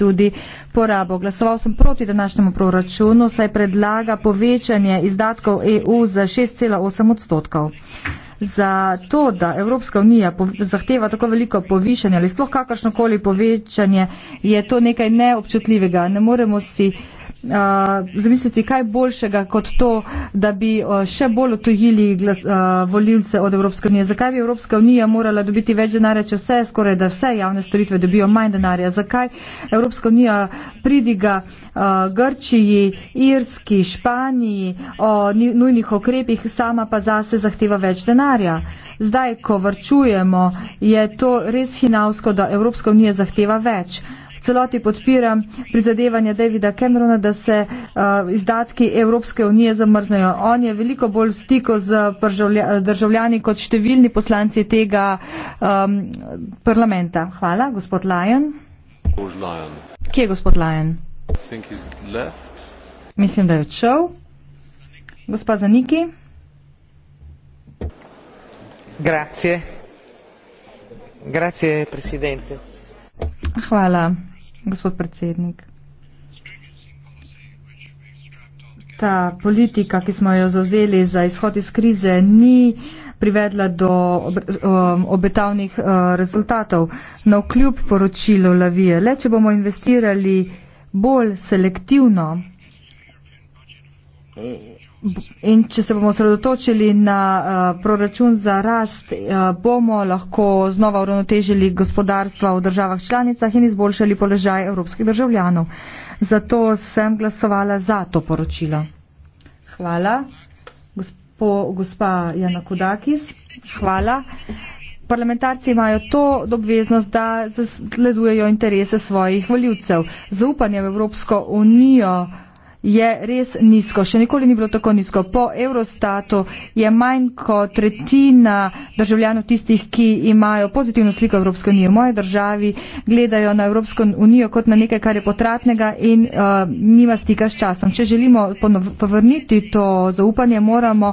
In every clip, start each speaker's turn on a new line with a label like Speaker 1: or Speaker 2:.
Speaker 1: tudi porabo. Glasoval sem proti današnjemu proračunu, saj predlaga povečanje izdatkov EU za 6,8 odstotkov. Za to, da Evropska unija zahteva tako veliko povišanje ali sploh kakršnokoli povečanje, je to nekaj neobčutljivega. Ne moremo si uh, uh, zamisliti, kaj boljšega kot to, da bi uh, še bolj otojili glas, uh, volilce od Evropske unije. Zakaj bi Evropska unija morala dobiti več denarja, če vse, skoraj da vse javne storitve dobijo manj denarja? Zakaj Evropska unija pridiga uh, Grčiji, Irski, Španiji o nujnih okrepih, sama pa zase zahteva več denarja? Zdaj, ko vrčujemo, je to res hinavsko, da Evropska unija zahteva več celoti podpiram prizadevanje Davida Camerona, da se izdatki Evropske unije zamrznejo. On je veliko bolj v stiku z državljani kot številni poslanci tega um, parlamenta. Hvala. Gospod Lajen. Kje je gospod Lajen? Mislim, da je odšel. Gospod Zaniki. Grazie. Grazie, presidente. Hvala gospod predsednik. Ta politika, ki smo jo zauzeli za izhod iz krize, ni privedla do um, obetavnih uh, rezultatov. Na vkljub poročilo Lavije, le če bomo investirali bolj selektivno, In če se bomo sredotočili na uh, proračun za rast, uh, bomo lahko znova uravnotežili gospodarstva v državah članicah in izboljšali položaj evropskih državljanov. Zato sem glasovala za to poročilo. Hvala. Gospo, gospa Jana Kudakis, hvala. Parlamentarci imajo to obveznost, da zasledujejo interese svojih voljivcev. Zaupanje v Evropsko unijo je res nizko, še nikoli ni bilo tako nizko. Po Eurostatu je manj kot tretjina državljanov tistih, ki imajo pozitivno sliko Evropske unije. V moji državi gledajo na Evropsko unijo kot na nekaj, kar je potratnega in uh, nima stika s časom. Če želimo povrniti to zaupanje, moramo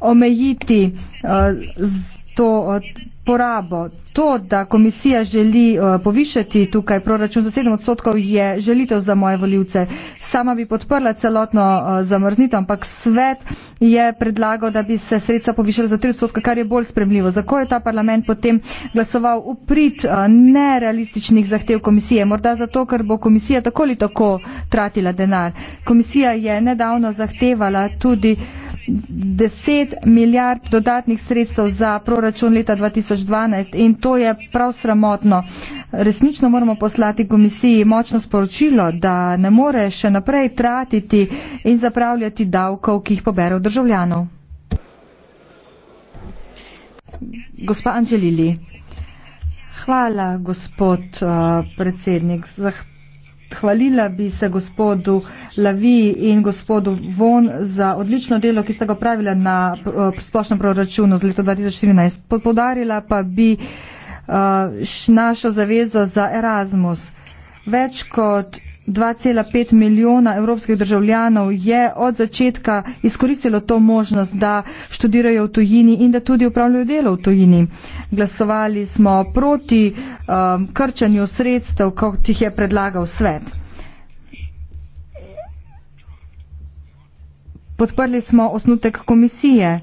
Speaker 1: omejiti uh, to. Uh, porabo. To, da komisija želi uh, povišati tukaj proračun za 7 odstotkov, je želitev za moje voljivce. Sama bi podprla celotno uh, zamrznitev, ampak svet je predlagal, da bi se sredstva povišala za 3 odstotka, kar je bolj spremljivo. Zako je ta parlament potem glasoval v prid uh, nerealističnih zahtev komisije? Morda zato, ker bo komisija tako ali tako tratila denar. Komisija je nedavno zahtevala tudi. Uh, 10 milijard dodatnih sredstev za proračun leta 2012 in to je prav sramotno. Resnično moramo poslati komisiji močno sporočilo, da ne more še naprej tratiti in zapravljati davkov, ki jih poberajo državljanov. Gospa Anželili, hvala gospod uh, predsednik. Zahtu. Hvalila bi se gospodu Lavi in gospodu Von za odlično delo, ki sta ga pravila na eh, splošnem proračunu z leto 2014. Podarila pa bi uh, našo zavezo za Erasmus. Več kot 2,5 milijona evropskih državljanov je od začetka izkoristilo to možnost, da študirajo v tujini in da tudi upravljajo delo v tujini. Glasovali smo proti um, krčanju sredstev, kot jih je predlagal svet. Podprli smo osnutek komisije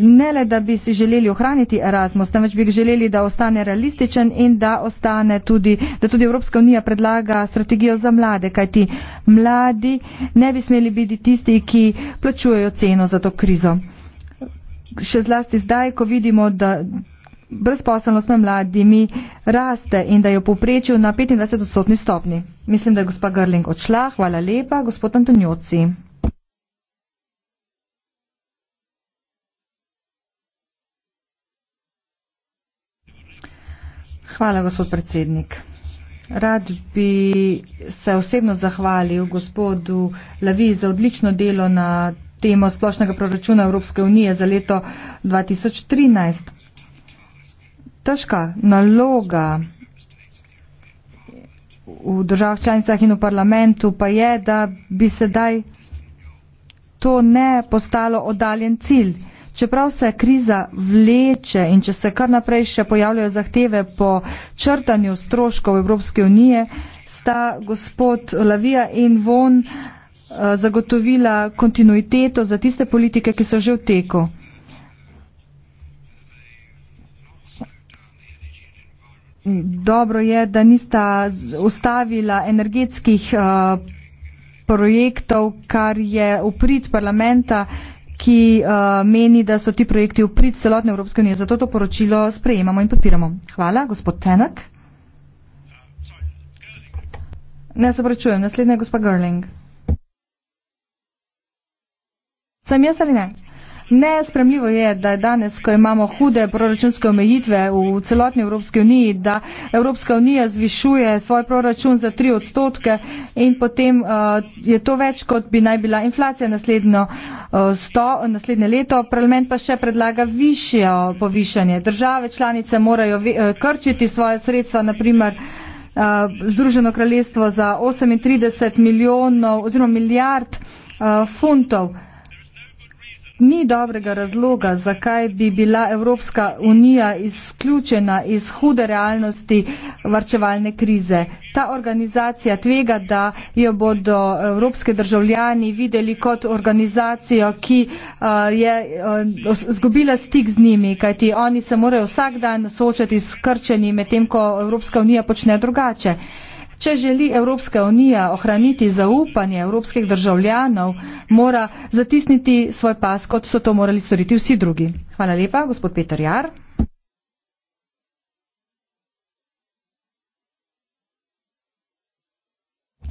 Speaker 1: ne le, da bi si želeli ohraniti Erasmus, temveč bi želeli, da ostane realističen in da ostane tudi, da tudi Evropska unija predlaga strategijo za mlade, kajti mladi ne bi smeli biti tisti, ki plačujejo ceno za to krizo. Še zlasti zdaj, ko vidimo, da brezposelnost med mladimi raste in da je v povprečju na 25-odstotni stopni. Mislim, da je gospa Grling odšla. Hvala lepa, gospod Antonjoci. Hvala, gospod predsednik. Rad bi se osebno zahvalil gospodu Lavi za odlično delo na temo splošnega proračuna Evropske unije za leto 2013. Težka naloga v državah članicah in v parlamentu pa je, da bi sedaj to ne postalo oddaljen cilj čeprav se kriza vleče in če se kar naprej še pojavljajo zahteve po črtanju stroškov Evropske unije, sta gospod Lavija in Von eh, zagotovila kontinuiteto za tiste politike, ki so že v teku. Dobro je, da nista ustavila energetskih uh, projektov, kar je uprit parlamenta uh, ki uh, meni, da so ti projekti v prid celotne Evropske unije. Zato to poročilo sprejemamo in podpiramo. Hvala, gospod Tenak. Ne, se pravičujem, naslednja je gospa Gerling. Sem jaz ali ne? Nespremljivo je, da je danes, ko imamo hude proračunske omejitve v celotni Evropski uniji, da Evropska unija zvišuje svoj proračun za tri odstotke in potem uh, je to več, kot bi naj bila inflacija naslednjo, uh, sto, naslednje leto. Parlament pa še predlaga višje povišanje. Države članice morajo ve, uh, krčiti svoje sredstva, naprimer. Združeno kraljestvo za 38 milijonov oziroma milijard uh, funtov. Uh, ni dobrega razloga, zakaj bi bila Evropska unija izključena iz hude realnosti varčevalne krize. Ta organizacija tvega, da jo bodo evropske državljani videli kot organizacijo, ki uh, je izgubila uh, stik z njimi, kajti oni se morajo vsak dan soočati s krčenji, medtem ko Evropska unija počne drugače. Uh, Če želi Evropska unija ohraniti zaupanje evropskih državljanov, mora zatisniti svoj pas, kot so to morali storiti vsi drugi. Hvala lepa, gospod Peter Jar.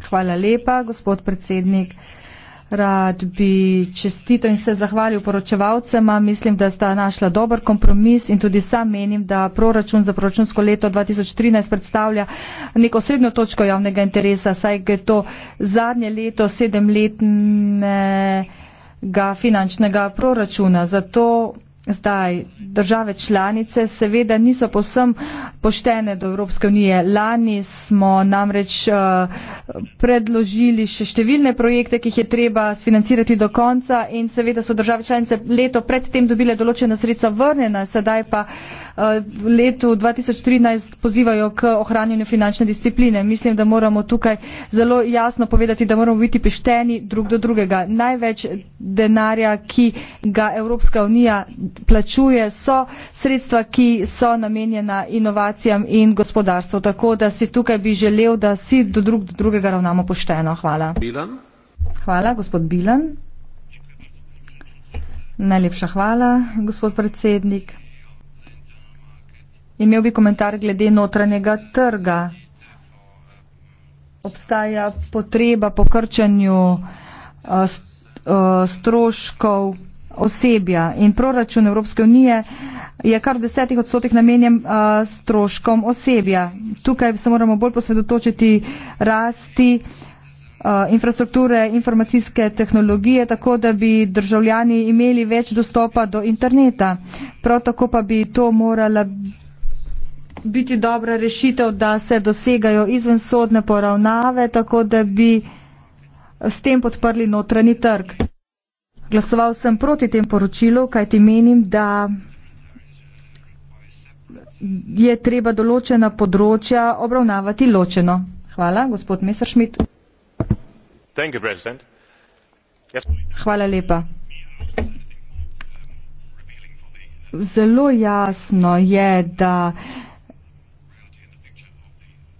Speaker 1: Hvala lepa, gospod predsednik. Rad bi čestito in se zahvalil poročevalcema. Mislim, da sta našla dober kompromis in tudi sam menim, da proračun za proračunsko leto 2013 predstavlja neko srednjo točko javnega interesa, saj je to zadnje leto sedemletnega finančnega proračuna. Zato Zdaj, države članice seveda niso posem poštene do Evropske unije. Lani smo namreč uh, predložili še številne projekte, ki jih je treba sfinancirati do konca in seveda so države članice leto predtem dobile določena sredstva vrnjena, sedaj pa v uh, eh, letu 2013 pozivajo k ohranjanju finančne discipline. Mislim, da moramo tukaj zelo jasno povedati, da moramo biti pošteni drug do drugega. Največ denarja, ki ga Evropska unija plačuje, so sredstva, ki so namenjena inovacijam in gospodarstvu. Tako da si tukaj bi želel, da si do, drug, do drugega ravnamo pošteno. Hvala. Bilan. Hvala, gospod Bilan. Najlepša hvala, gospod predsednik. Imel bi komentar glede notranjega trga. Obstaja potreba po krčanju eh, eh, stroškov osebja in proračun Evropske unije je kar v desetih odstotkih namenjen uh, stroškom osebja. Tukaj se moramo bolj posredotočiti rasti infrastrukture, informacijske tehnologije, tako da bi državljani imeli več dostopa do interneta. Prav tako pa bi to morala biti dobra rešitev, da se dosegajo izvensodne poravnave, tako da bi s tem podprli notranji trg. Glasoval sem proti tem poročilu, kajti menim, da je treba določena področja obravnavati ločeno. Hvala, gospod Messerschmidt. Hvala lepa. Zelo jasno je, da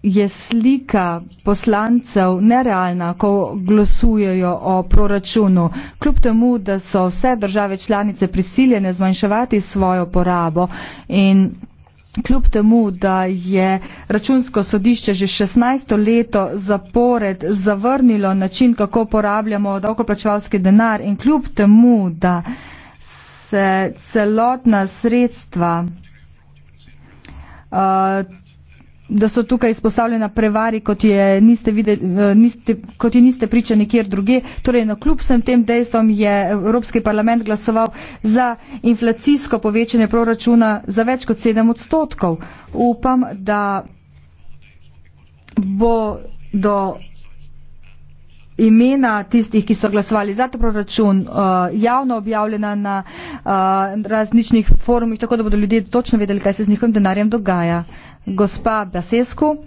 Speaker 1: je slika poslancev nerealna, ko glasujejo o proračunu. Kljub temu, da so vse države članice prisiljene zmanjševati svojo porabo in kljub temu, da je računsko sodišče že 16. leto zapored zavrnilo način, kako porabljamo davkoplačevalski denar in kljub temu, da se celotna sredstva uh, da so tukaj izpostavljena prevari, kot je niste, videli, eh, niste, kot je niste priča nikjer druge. Torej, na kljub vsem tem dejstvom je Evropski parlament glasoval za inflacijsko povečanje proračuna za več kot 7 odstotkov. Upam, da bo do imena tistih, ki so glasovali za ta proračun, uh, javno objavljena na uh, različnih forumih, tako da bodo ljudje točno vedeli, kaj se z njihovim denarjem dogaja. Uh, Gospa Basescu,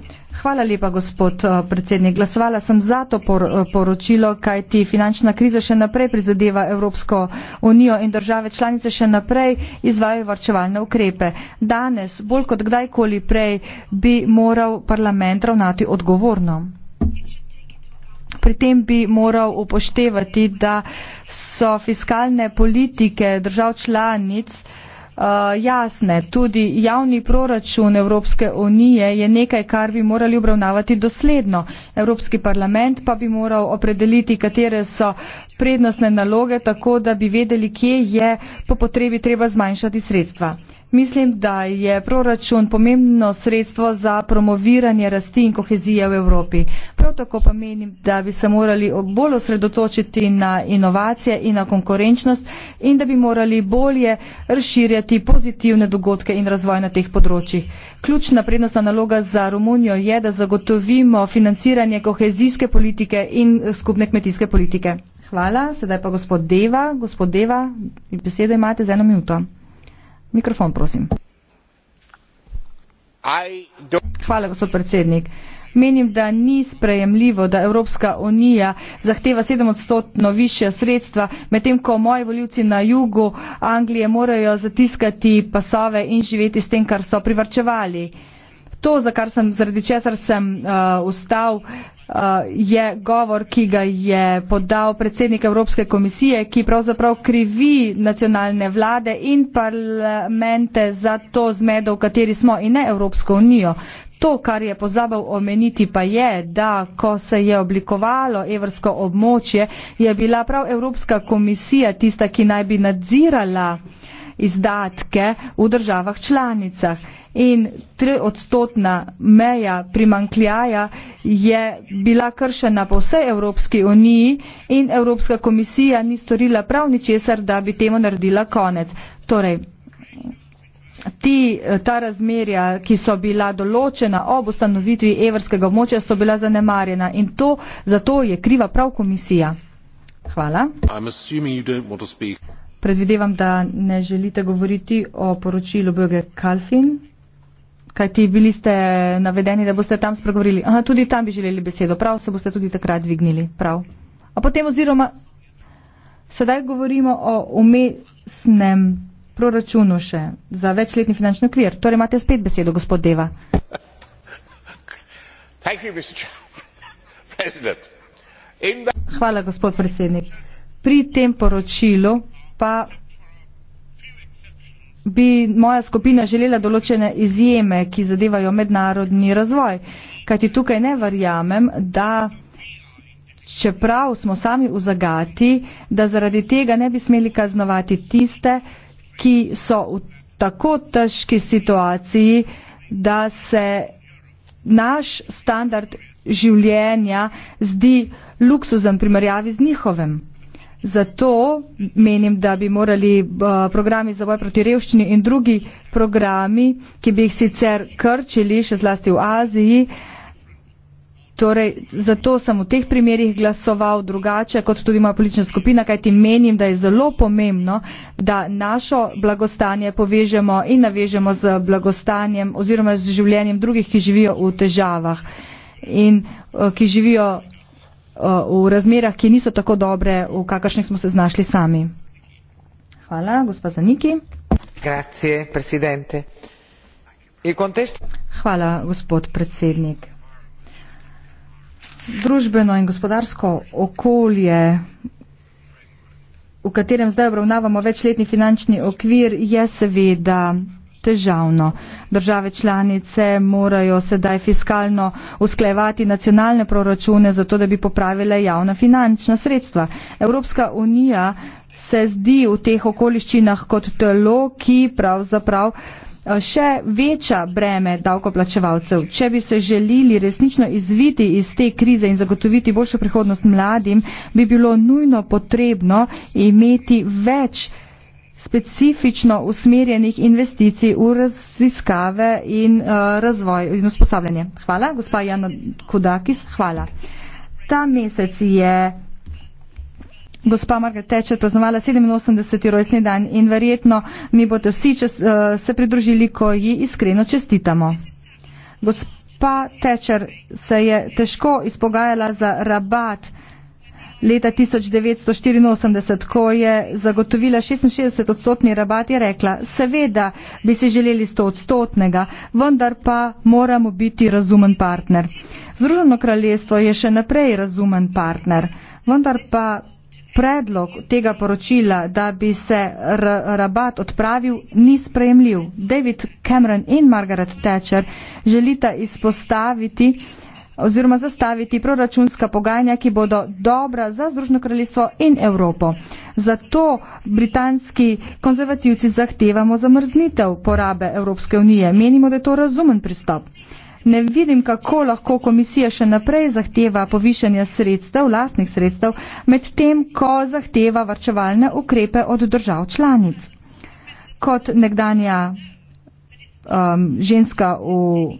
Speaker 1: hvala lepa, gospod eh, predsednik. Glasovala sem za to por, eh, poročilo, kaj ti finančna kriza še naprej prizadeva Evropsko unijo in države članice še naprej izvajajo varčevalne ukrepe. Danes, bolj kot kdajkoli prej, bi moral parlament ravnati odgovorno. Pri tem bi moral upoštevati, da so fiskalne politike držav članic Eh, jasne, tudi javni proračun Evropske unije je nekaj, kar bi morali obravnavati dosledno. Evropski parlament pa bi moral opredeliti, katere so prednostne naloge, tako da bi vedeli, kje je po potrebi treba zmanjšati sredstva. Mislim, da je proračun pomembno sredstvo za promoviranje rasti in kohezije v Evropi. Prav tako pa menim, da bi se morali bolj osredotočiti na inovacije in na konkurenčnost in da bi morali bolje razširjati pozitivne dogodke in razvoj na teh področjih. Ključna prednostna naloga za Romunijo je, da zagotovimo financiranje kohezijske politike in eh, skupne kmetijske politike. Hvala. Sedaj pa gospod Deva. Gospod Deva, besedo imate za eno minuto. Mikrofon, prosim. Hvala, gospod predsednik. Menim, da ni sprejemljivo, da Evropska unija zahteva 7 odstotno više sredstva, medtem ko moji voljivci na jugu Anglije morajo zatiskati pasove in živeti s tem, kar so privrčevali. Uh, to, sem, zaradi česar sem uh, ustal, uh, je govor, ki ga je podal predsednik Evropske komisije, ki pravzaprav krivi nacionalne vlade in parlamente za to zmedo, v kateri smo in ne Evropsko unijo. To, kar je pozabil omeniti, pa je, da ko se je oblikovalo evrsko območje, je bila prav Evropska komisija tista, ki naj bi nadzirala izdatke v državah članicah in 3-odstotna meja primankljaja je bila kršena po vsej Evropski uniji in Evropska komisija ni storila prav ničesar, da bi temu naredila konec. Torej, Ti, ta razmerja, ki so bila določena ob ustanovitvi evrskega območja, so bila zanemarjena in to, zato je kriva prav komisija. Hvala. Predvidevam, da ne želite govoriti o poročilu BG Kalfin kajti bili ste navedeni, da boste tam spregovorili. Aha, tudi tam bi želeli besedo, prav se boste tudi takrat dvignili. Prav. A potem oziroma sedaj govorimo o umestnem proračunu še za večletni finančni okvir. Torej imate spet besedo, gospod Deva. Hvala, gospod predsednik. Pri tem poročilu pa bi moja skupina želela določene izjeme, ki zadevajo mednarodni razvoj. Kajti tukaj ne verjamem, da čeprav smo sami v zagati, da zaradi tega ne bi smeli kaznovati tiste, ki so v tako težki situaciji, da se naš standard življenja zdi luksuzen primerjavi z njihovim. Zato menim, da bi morali uh, programi za boj proti revščini in drugi programi, ki bi jih sicer krčili, še zlasti v Aziji, torej zato sem v teh primerjih glasoval drugače kot tudi moja politična skupina, kajti menim, da je zelo pomembno, da našo blagostanje povežemo in navežemo z blagostanjem oziroma z življenjem drugih, ki živijo v težavah in uh, ki živijo Eh, v razmerah, ki niso tako dobre, v kakršnih smo se znašli sami. Hvala, gospa Zaniki. Grazie, presidente. Contest... Hvala, gospod predsednik. Družbeno in gospodarsko okolje, v katerem zdaj obravnavamo večletni finančni okvir, je seveda težavno. Države članice morajo sedaj fiskalno usklejevati nacionalne proračune, zato da bi popravile javna finančna sredstva. Evropska unija se zdi v teh okoliščinah kot telo, ki pravzaprav eh, še veča breme davkoplačevalcev. Če bi se želili resnično izviti iz te krize in zagotoviti boljšo prihodnost mladim, bi bilo nujno potrebno imeti več specifično usmerjenih investicij v raziskave in uh, razvoj in usposabljanje. Hvala, gospa Jana Kudakis. Hvala. Ta mesec je gospa Margaret Thatcher praznovala 87. rojstni dan in verjetno mi boste vsi čas, uh, se pridružili, ko ji iskreno čestitamo. Gospa Thatcher se je težko izpogajala za rabat leta 1984, ko je zagotovila 66 odstotni rabat, je rekla, seveda bi si želeli 100 odstotnega, vendar pa moramo biti razumen partner. Združeno kraljestvo je še naprej razumen partner, vendar pa predlog tega poročila, da bi se rabat odpravil, ni sprejemljiv. David Cameron in Margaret Thatcher želita izpostaviti, oziroma zastaviti proračunska pogajanja, ki bodo dobra za Združno kraljestvo in Evropo. Zato britanski konzervativci zahtevamo zamrznitev porabe Evropske unije. Menimo, da je to razumen pristop. Ne vidim, kako lahko komisija še naprej zahteva povišanje sredstev, lastnih sredstev, medtem, ko zahteva varčevalne ukrepe od držav članic. Kot nekdanja um, ženska v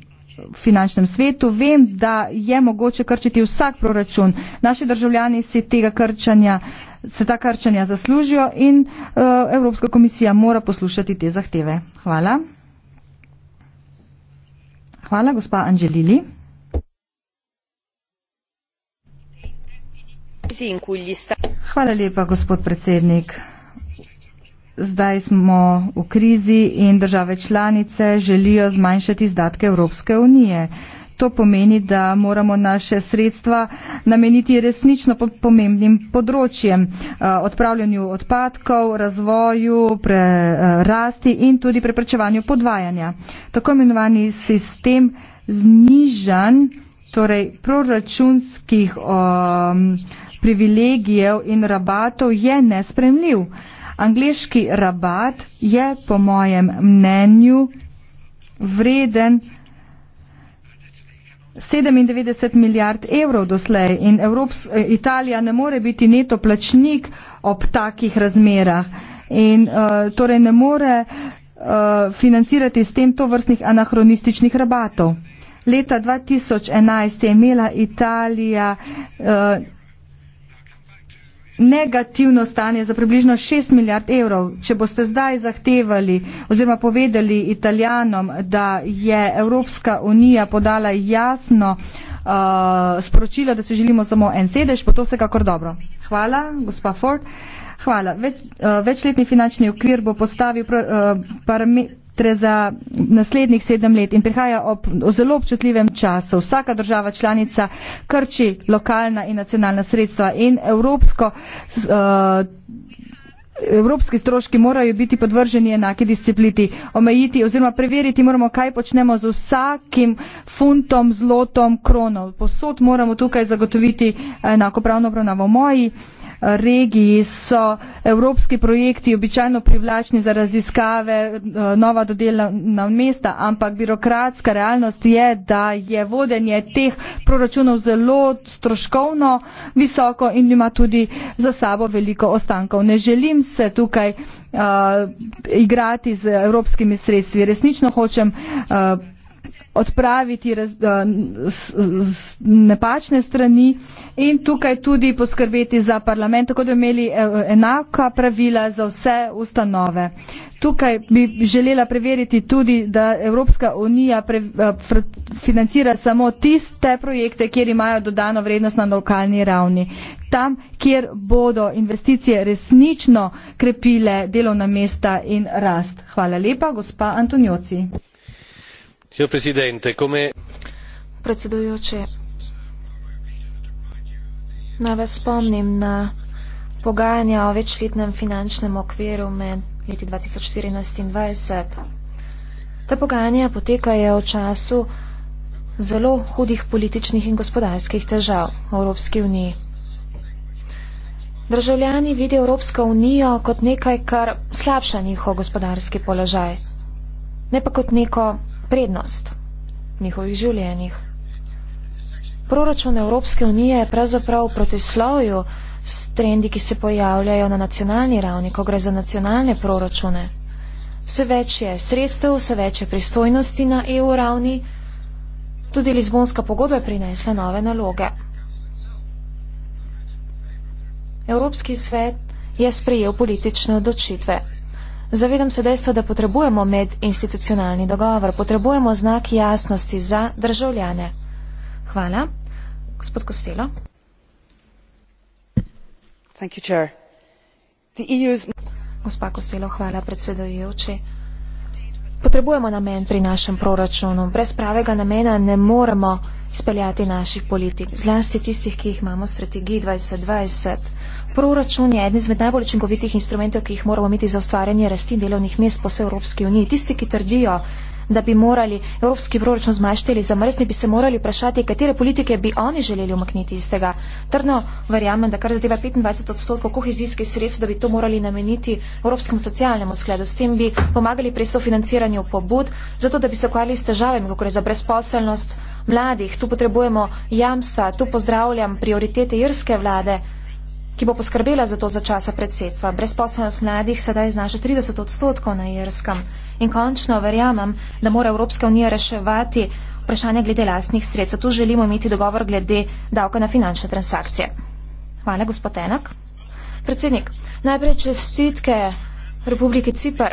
Speaker 1: finančnem svetu. Vem, da je mogoče krčiti vsak proračun. Naši državljani si tega krčanja, se ta krčanja zaslužijo in uh, Evropska komisija mora poslušati te zahteve. Hvala. Hvala, gospa Angelili. Hvala lepa, gospod predsednik zdaj smo v krizi in države članice želijo zmanjšati izdatke Evropske unije. To pomeni, da moramo naše sredstva nameniti resnično pomembnim področjem, eh, odpravljanju odpadkov, razvoju, eh, rasti in tudi preprečevanju podvajanja. Tako imenovani sistem znižan torej proračunskih o, eh, privilegijev in rabatov je nespremljiv. Angliški rabat je po mojem mnenju vreden 97 milijard evrov doslej in Evrops, Italija ne more biti neto plačnik ob takih razmerah in uh, torej ne more uh, financirati s tem tovrstnih anahronističnih rabatov. Leta 2011 je imela Italija uh, negativno stanje za približno 6 milijard evrov. Če boste zdaj zahtevali oziroma povedali italijanom, da je Evropska unija podala jasno uh, sporočilo, da se želimo samo en sedež, pa to se kakor dobro. Hvala, gospa Ford. Hvala. Več, uh, večletni finančni okvir bo postavil uh, parametre ter za naslednjih sedem let in prihaja ob zelo občutljivem času. Vsaka država članica krči lokalna in nacionalna sredstva in evropsko. Uh, Evropski stroški morajo biti podvrženi enaki discipliti, omejiti oziroma preveriti moramo, kaj počnemo z vsakim funtom, zlotom, kronom. Posod moramo tukaj zagotoviti eh, enakopravno obravnavo. Moji uh, regiji so evropski projekti običajno privlačni za raziskave eh, nova dodelna mesta, ampak birokratska realnost je, da je vodenje teh proračunov zelo stroškovno, visoko in ima tudi za sabo veliko ostankov. Ne želim se tukaj uh, igrati z evropskimi sredstvi. Resnično hočem uh, odpraviti raz, da, s, s, nepačne strani in tukaj tudi poskrbeti za parlament, tako da bi imeli e, enaka pravila za vse ustanove. Tukaj bi želela preveriti tudi, da Evropska unija pre, pre, financira samo tiste projekte, kjer imajo dodano vrednost na lokalni ravni. Tam, kjer bodo investicije resnično krepile delovna mesta in rast. Hvala lepa, gospa Antonioci
Speaker 2: predsedujoči naj vas spomnim na pogajanja o večletnem finančnem okviru med leti 2014 in 2020. Ta pogajanja potekajo v času zelo hudih političnih in gospodarskih težav v Evropski uniji. Državljani vidijo Evropsko unijo kot nekaj, kar slabša njihov gospodarski položaj, ne pa kot neko prednost v njihovih življenjih. Proračun Evropske unije je pravzaprav v protislovju s trendi, ki se pojavljajo na nacionalni ravni, ko gre za nacionalne proračune. Vse več je sredstev, vse več je pristojnosti na EU ravni, tudi Lizbonska pogodba je prinesla nove naloge. Evropski svet je sprejel politične odločitve. Zavedam se dejstva, da potrebujemo medinstitucionalni dogovor, potrebujemo znak jasnosti za državljane. Hvala. Gospod Kostelo. E Gospa Kostelo, hvala predsedojoči. Potrebujemo namen pri našem proračunu. Brez pravega namena ne moremo izpeljati naših politik, zlasti tistih, ki jih imamo v strategiji 2020. Proračun je eden izmed najbolj učinkovitih instrumentov, ki jih moramo imeti za ustvarjanje rasti delovnih mest po vsej Evropski uniji. Tisti, ki trdijo, da bi morali evropski proračun zmanjšati ali zamrzni, bi se morali vprašati, katere politike bi oni želeli umakniti iz tega. Trdno verjamem, da kar zadeva 25 odstotkov kohezijskih sredstev, da bi to morali nameniti Evropskemu socialnemu skladu. S tem bi pomagali pri sofinanciranju pobud, zato da bi se ukvarjali s težavami, kako je za brezposelnost mladih. Tu potrebujemo jamstva, tu pozdravljam prioritete irske vlade ki bo poskrbela za to za časa predsedstva. Brezposelnost mladih sedaj znaša 30 odstotkov na Irskem. In končno verjamem, da mora Evropska unija reševati vprašanje glede lastnih sredstev. Tu želimo imeti dogovor glede davka na finančne transakcije. Hvala, gospod Enak. Predsednik, najprej čestitke Republike Cipr,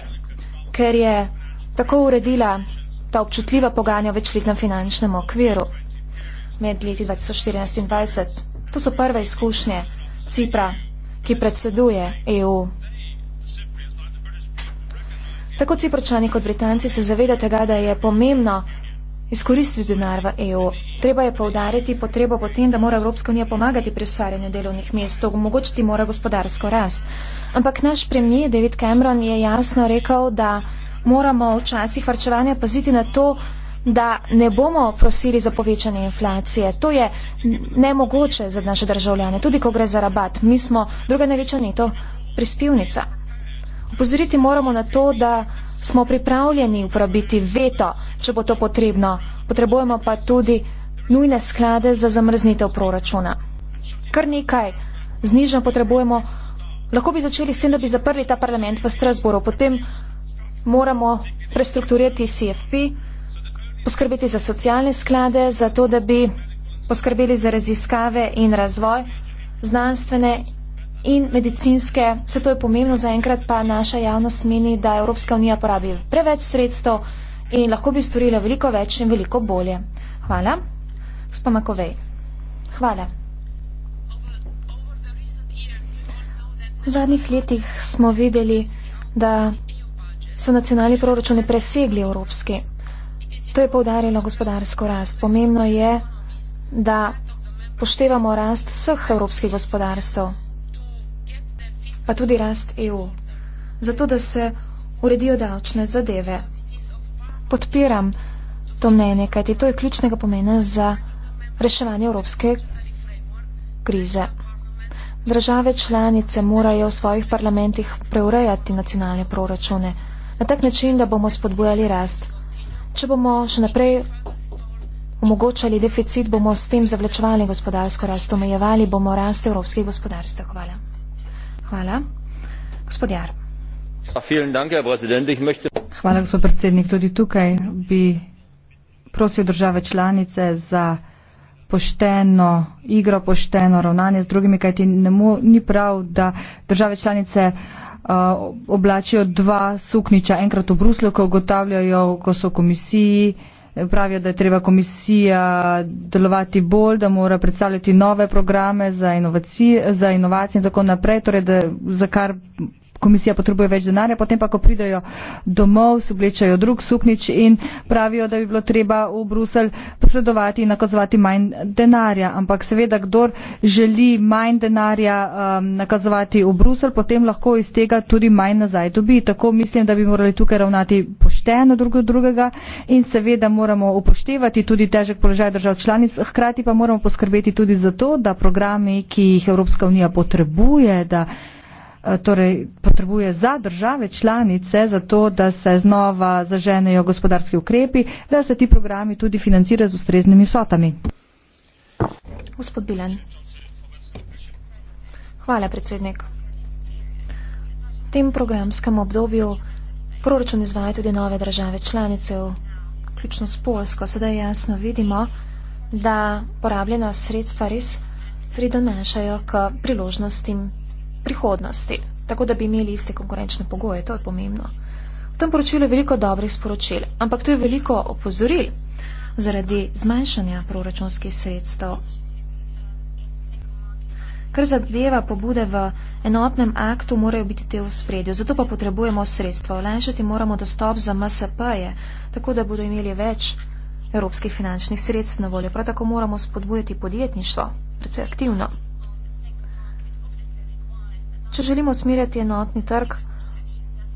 Speaker 2: ker je tako uredila ta občutljiva pogajanja o večletnem finančnem okviru med leti 2014 in 2020. To so prve izkušnje. Cipra, ki predseduje EU. Tako Ciprčani kot Britanci se zavedajo tega, da je pomembno izkoristiti denar v EU. Treba je povdariti potrebo potem, da mora Evropska unija pomagati pri ustvarjanju delovnih mest, omogočiti mora gospodarsko rast. Ampak naš premijer David Cameron je jasno rekel, da moramo včasih varčevanja paziti na to, da ne bomo prosili za povečanje inflacije. To je nemogoče za naše državljane, tudi ko gre za rabat. Mi smo druga največja neto prispevnica. Upozoriti moramo na to, da smo pripravljeni uporabiti veto, če bo to potrebno. Potrebujemo pa tudi nujne sklade za zamrznitev proračuna. Kar nekaj znižno potrebujemo. Lahko bi začeli s tem, da bi zaprli ta parlament v Strasboru. Potem moramo prestrukturirati CFP poskrbeti za socialne sklade, za to, da bi poskrbeli za raziskave in razvoj znanstvene in medicinske. Vse to je pomembno zaenkrat, pa naša javnost meni, da Evropska unija porabi preveč sredstev in lahko bi storila veliko več in veliko bolje. Hvala. Gospa Makovej. Hvala. V zadnjih letih smo videli, da so nacionalni proračuni presegli evropski. To je povdarjeno gospodarsko rast. Pomembno je, da poštevamo rast vseh evropskih gospodarstv, pa tudi rast EU, zato da se uredijo davčne zadeve. Podpiram to mnenje, kajti to je ključnega pomena za reševanje evropske krize. Države članice morajo v svojih parlamentih preurejati nacionalne proračune na tak način, da bomo spodbujali rast. Če bomo še naprej omogočali deficit, bomo s tem zavlečevali gospodarsko rast, omejevali bomo rast evropskih gospodarstv. Hvala. Hvala. Gospod Jar.
Speaker 1: Ja, Hvala, gospod
Speaker 2: predsednik. Tudi tukaj bi
Speaker 1: prosil države članice za pošteno igro, pošteno ravnanje z drugimi, kajti ni prav, da države članice. Uh, oblačijo dva sukniča enkrat v Bruslju, ko ugotavljajo, ko so v komisiji, pravijo, da je treba komisija delovati bolj, da mora predstavljati nove programe za, za inovacije in tako naprej, torej da, za kar komisija potrebuje več denarja, potem pa, ko pridajo domov, se oblečajo drug suknič in pravijo, da bi bilo treba v Bruselj posredovati in nakazovati manj denarja. Ampak seveda, kdor želi manj denarja um, nakazovati v Bruselj, potem lahko iz tega tudi manj nazaj dobi. Tako mislim, da bi morali tukaj ravnati pošteno drug od drugega in seveda moramo upoštevati tudi težek položaj držav članic, hkrati pa moramo poskrbeti tudi za to, da programi, ki jih Evropska unija potrebuje, da Eh, torej potrebuje za države članice, zato da se znova zaženejo gospodarski ukrepi, da se ti programi tudi financirajo z ustreznimi vsotami.
Speaker 2: Gospod Bilen. Hvala, predsednik. V tem programskem obdobju proračun izvaja tudi nove države članice, vključno s Polsko. Sedaj jasno vidimo, da porabljena sredstva res pridonašajo k priložnostim prihodnosti, tako da bi imeli iste konkurenčne pogoje, to je pomembno. V tem poročilu je veliko dobrih sporočil, ampak tu je veliko opozoril zaradi zmanjšanja proračunskih sredstev. Kar zadeva pobude v enotnem aktu, morajo biti te v spredju, zato pa potrebujemo sredstva. Olajšati moramo dostop za MSP-je, tako da bodo imeli več evropskih finančnih sredstev na voljo. Prav tako moramo spodbujati podjetništvo, predvsej aktivno. Če želimo smirjati enotni trg,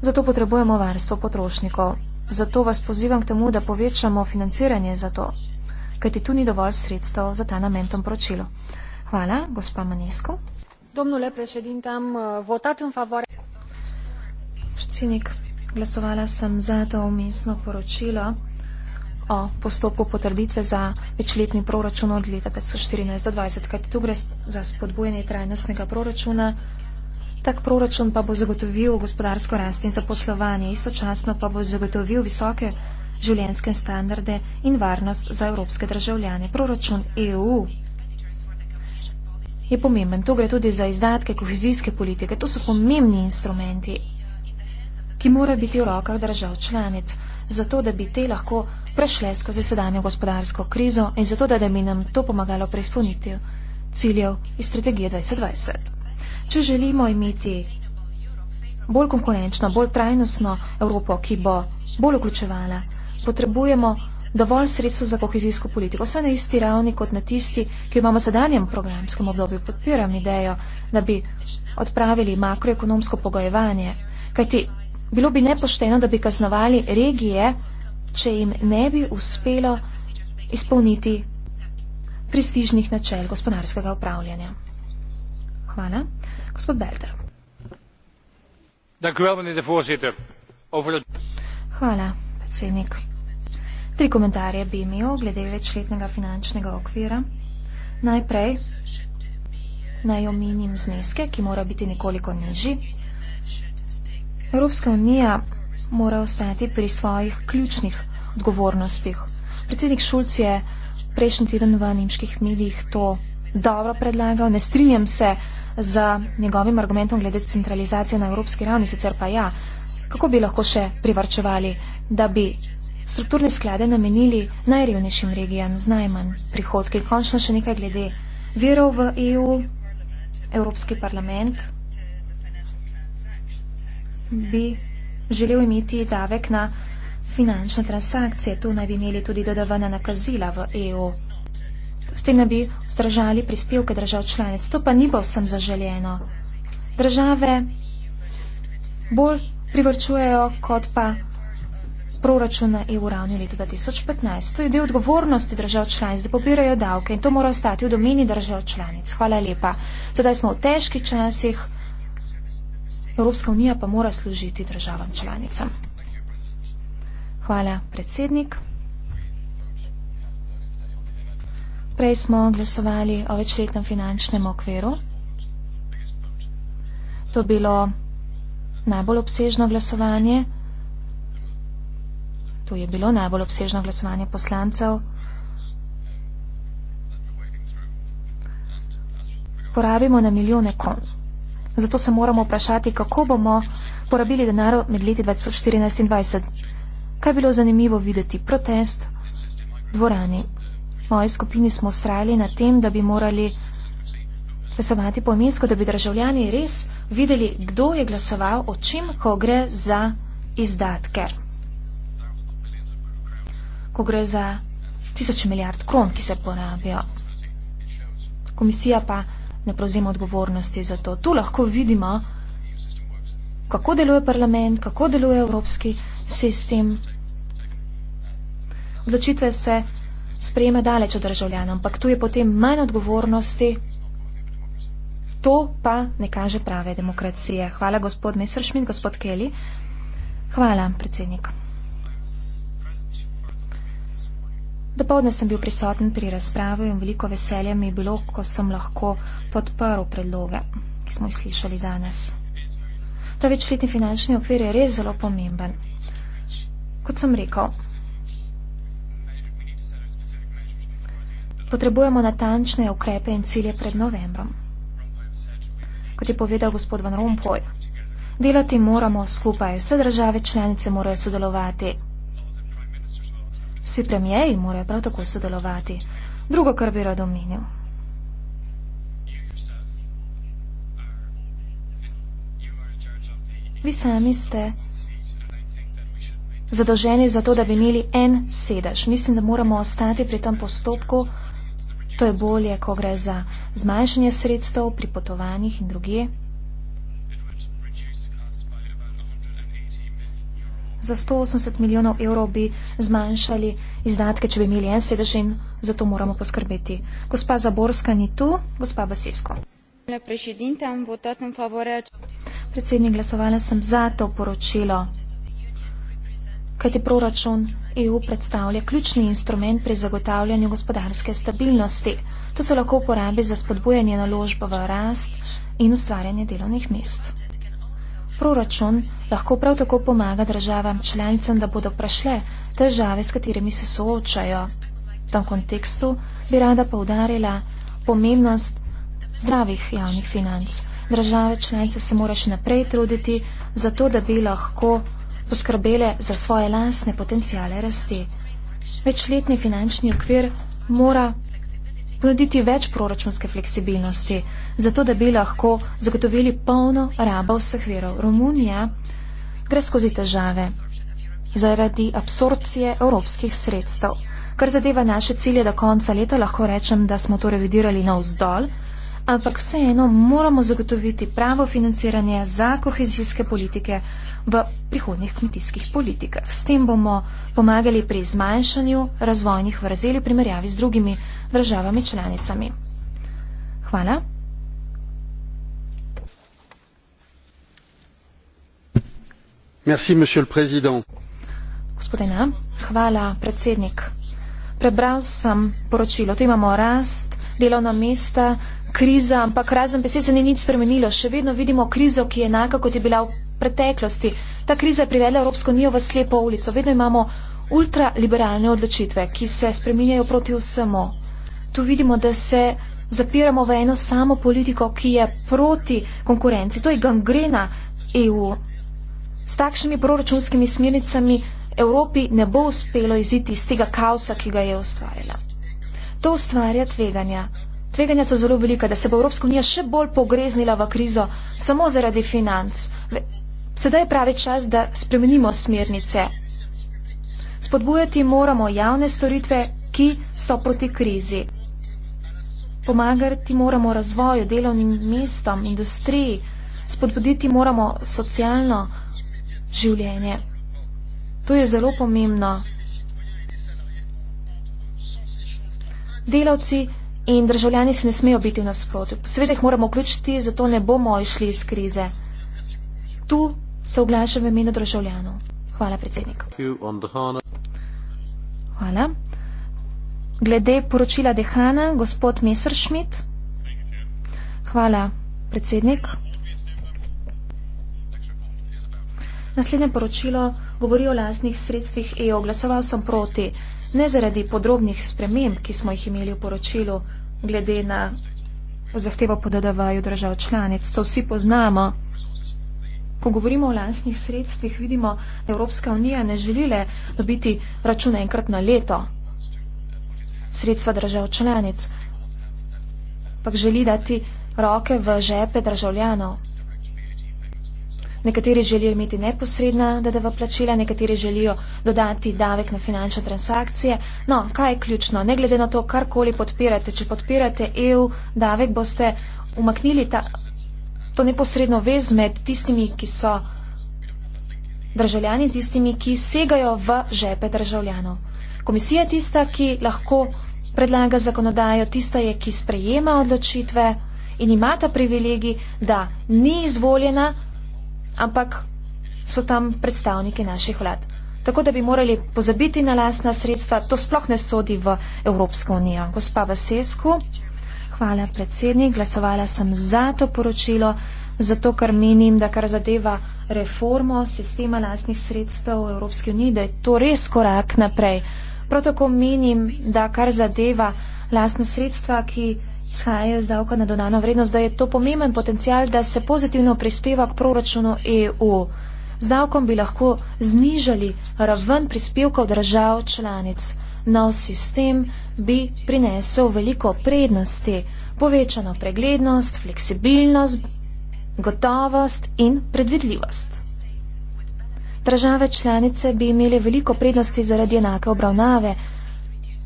Speaker 2: zato potrebujemo varstvo potrošnikov. Zato vas pozivam k temu, da povečamo financiranje za to, kaj ti tu ni dovolj sredstev za ta namen tom pročilo. Hvala, gospa Manesko. Domnule predsednik, uh,
Speaker 1: votat in favore.
Speaker 2: Predsednik, glasovala sem za to umestno poročilo o postopku potrditve za večletni proračun od leta 2014 do 2020, kaj tu gre za spodbujanje trajnostnega proračuna. Tak proračun pa bo zagotovil gospodarsko rast in zaposlovanje, istočasno pa bo zagotovil visoke življenjske standarde in varnost za evropske državljane. Proračun EU je pomemben. To gre tudi za izdatke kohezijske politike. To so pomembni instrumenti, ki morajo biti v rokah držav članic, zato da bi te lahko prešle skozi sedanjo gospodarsko krizo in zato da bi nam to pomagalo pri izpolnitvi ciljev iz strategije 2020. Če želimo imeti bolj konkurenčno, bolj trajnostno Evropo, ki bo bolj vključevala, potrebujemo dovolj sredstva za kohezijsko politiko. Vse na isti ravni kot na tisti, ki imamo v sedanjem programskem obdobju. Podpiram idejo, da bi odpravili makroekonomsko pogojevanje. Kajti bilo bi nepošteno, da bi kaznovali regije, če jim ne bi uspelo izpolniti prestižnih načel gospodarskega upravljanja. Hvala. Gospod Belder. Dank u
Speaker 1: wel, meneer de voorzitter. Over de...
Speaker 2: Hvala, predsednik. Tri komentarje bi imel glede večletnega finančnega okvira. Najprej naj omenim zneske, ki mora biti nekoliko nižji. Evropska unija mora ostati pri svojih ključnih odgovornostih. Predsednik Šulc je prejšnji teden v nemških medijih to dobro predlagal. Ne strinjam se, z njegovim argumentom glede centralizacije na evropski ravni, sicer pa ja, kako bi lahko še privarčevali, da bi strukturne sklade namenili najrevnejšim regijam z najmanj prihodki. Končno še nekaj glede virov v EU, Evropski parlament bi želel imeti davek na finančne transakcije. Tu naj bi imeli tudi DDV na nakazila v EU. S tem bi vzdržali prispevke držav članic. To pa ni bo vsem zaželjeno. Države bolj privrčujejo, kot pa proračun na EU ravni leta 2015. To je del odgovornosti držav članic, da pobirajo davke in to mora ostati v domeni držav članic. Hvala lepa. Sedaj smo v težkih časih, Evropska unija pa mora služiti državam članicam. Hvala, predsednik. Prej smo glasovali o večletnem finančnem okviru. To bilo najbolj obsežno glasovanje. To je bilo najbolj obsežno glasovanje poslancev. Porabimo na milijone kron. Zato se moramo vprašati, kako bomo porabili denar med leti 2014 in 2020. Kaj je bilo zanimivo videti? Protest dvorani moji skupini smo ustrajali na tem, da bi morali glasovati poimensko, da bi državljani res videli, kdo je glasoval, o čem, ko gre za izdatke. Ko gre za tisoč milijard kron, ki se porabijo. Komisija pa ne prevzema odgovornosti za to. Tu lahko vidimo, kako deluje parlament, kako deluje evropski sistem. Odločitve se sprejema daleč od državljanov, ampak tu je potem manj odgovornosti. To pa ne kaže prave demokracije. Hvala, gospod Messerschmidt, gospod Kelly. Hvala, predsednik. Dopoldne sem bil prisoten pri razpravi in veliko veselja mi je bilo, ko sem lahko podprl predloge, ki smo jih slišali danes. Ta večletni finančni okvir je res zelo pomemben. Kot sem rekel, Potrebujemo natančne ukrepe in cilje pred novembrom. Kot je povedal gospod Van Rompuy, delati moramo skupaj, vse države članice morajo sodelovati. Vsi premijeji morajo prav tako sodelovati. Drugo, kar bi rado omenil. Vi sami ste zadolženi za to, da bi imeli en sedež. Mislim, da moramo ostati pri tem postopku. To je bolje, ko gre za zmanjšanje sredstev pri potovanjih in druge. Za 180 milijonov evrov bi zmanjšali izdatke, če bi imeli en sedež in zato moramo poskrbeti. Gospa Zaborska ni tu, gospa Vasesko. Predsednik, glasovala sem za to poročilo. Kajti proračun EU predstavlja ključni instrument pri zagotavljanju gospodarske stabilnosti. To se lahko uporabi za spodbujanje naložb v rast in ustvarjanje delovnih mest. Proračun lahko prav tako pomaga državam članicam, da bodo prešle težave, s katerimi se soočajo. V tem kontekstu bi rada poudarila pomembnost zdravih javnih financ. Države članice se morajo še naprej truditi za to, da bi lahko poskrbele za svoje lastne potencijale rasti. Večletni finančni okvir mora ponuditi več proračunske fleksibilnosti, zato da bi lahko zagotovili polno rabo vseh verov. Romunija gre skozi težave zaradi absorpcije evropskih sredstev. Kar zadeva naše cilje do konca leta, lahko rečem, da smo to revidirali na vzdolj ampak vseeno moramo zagotoviti pravo financiranje za kohezijske politike v prihodnih kmetijskih politikah. S tem bomo pomagali pri zmanjšanju razvojnih vrzeli primerjavi z drugimi državami članicami. Hvala. Merci, monsieur le président. Gospodina, hvala, predsednik. Prebral sem poročilo. Tu imamo rast, delovna mesta, kriza, ampak razen besed se ni nič spremenilo. Še vedno vidimo krizo, ki je enaka, kot je bila v preteklosti. Ta kriza je privela Evropsko unijo v slepo ulico. Vedno imamo ultraliberalne odločitve, ki se spreminjajo proti vsemu. Tu vidimo, da se zapiramo v eno samo politiko, ki je proti konkurenci. To je gangrena EU. S takšnimi proračunskimi smernicami Evropi ne bo uspelo iziti iz tega kaosa, ki ga je ustvarila. To ustvarja tveganja tveganja so zelo velika, da se bo Evropska unija še bolj pogreznila v krizo samo zaradi financ. Sedaj je pravi čas, da spremenimo smernice. Spodbujati moramo javne storitve, ki so proti krizi. Pomagati moramo razvoju, delovnim mestom, industriji. Spodbuditi moramo socialno življenje. To je zelo pomembno. Delavci In državljani se ne smejo biti v nasprotju. Seveda jih moramo vključiti, zato ne bomo išli iz krize. Tu se oglašam v imenu državljanov. Hvala, predsednik. Hvala. Glede poročila Dehana, gospod Messerschmidt. Hvala, predsednik. Naslednje poročilo govori o lasnih sredstvih EU. Glasoval sem proti, ne zaradi podrobnih sprememb, ki smo jih imeli v poročilu glede na zahtevo po DDV-ju držav članic. To vsi poznamo. Ko govorimo o lastnih sredstvih, vidimo, da Evropska unija ne želile dobiti račune enkrat na leto sredstva držav članic, pa želi dati roke v žepe državljanov. Nekateri želijo imeti neposredna DDV plačila, nekateri želijo dodati davek na finančne transakcije. No, kaj je ključno? Ne glede na to, karkoli podpirate, če podpirate EU davek, boste umaknili ta, to neposredno vez med tistimi, ki so državljani, tistimi, ki segajo v žepe državljanov. Komisija je tista, ki lahko predlaga zakonodajo, tista je, ki sprejema odločitve in ima ta privilegij, da ni izvoljena ampak so tam predstavniki naših vlad. Tako da bi morali pozabiti na lastna sredstva, to sploh ne sodi v Evropsko unijo. Gospa Vasesku, hvala predsednik, glasovala sem za to poročilo, zato ker menim, da kar zadeva reformo sistema lastnih sredstev v Evropski uniji, da je to res korak naprej. Prav tako menim, da kar zadeva lastna sredstva, ki izhajajo z davka na dodano vrednost, da je to pomemben potencial, da se pozitivno prispeva k proračunu EU. Z davkom bi lahko znižali raven prispevkov držav članic. Nov sistem bi prinesel veliko prednosti, povečano preglednost, fleksibilnost, gotovost in predvidljivost. Države članice bi imeli veliko prednosti zaradi enake obravnave,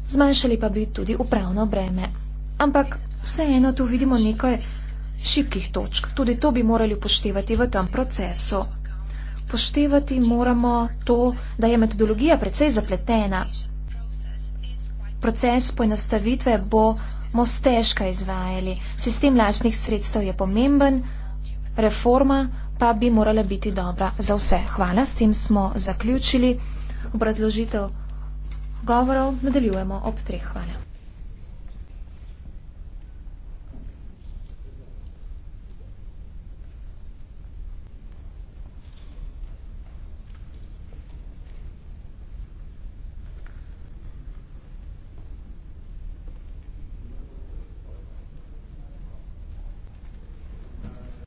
Speaker 2: zmanjšali pa bi tudi upravno breme ampak vseeno tu vidimo nekaj šibkih točk. Tudi to bi morali upoštevati v tem procesu. Poštevati moramo to, da je metodologija precej zapletena. Proces poenostavitve bomo stežka izvajali. Sistem lastnih sredstev je pomemben, reforma pa bi morala biti dobra za vse. Hvala, s tem smo zaključili obrazložitev govorov. Nadaljujemo ob treh. Hvala.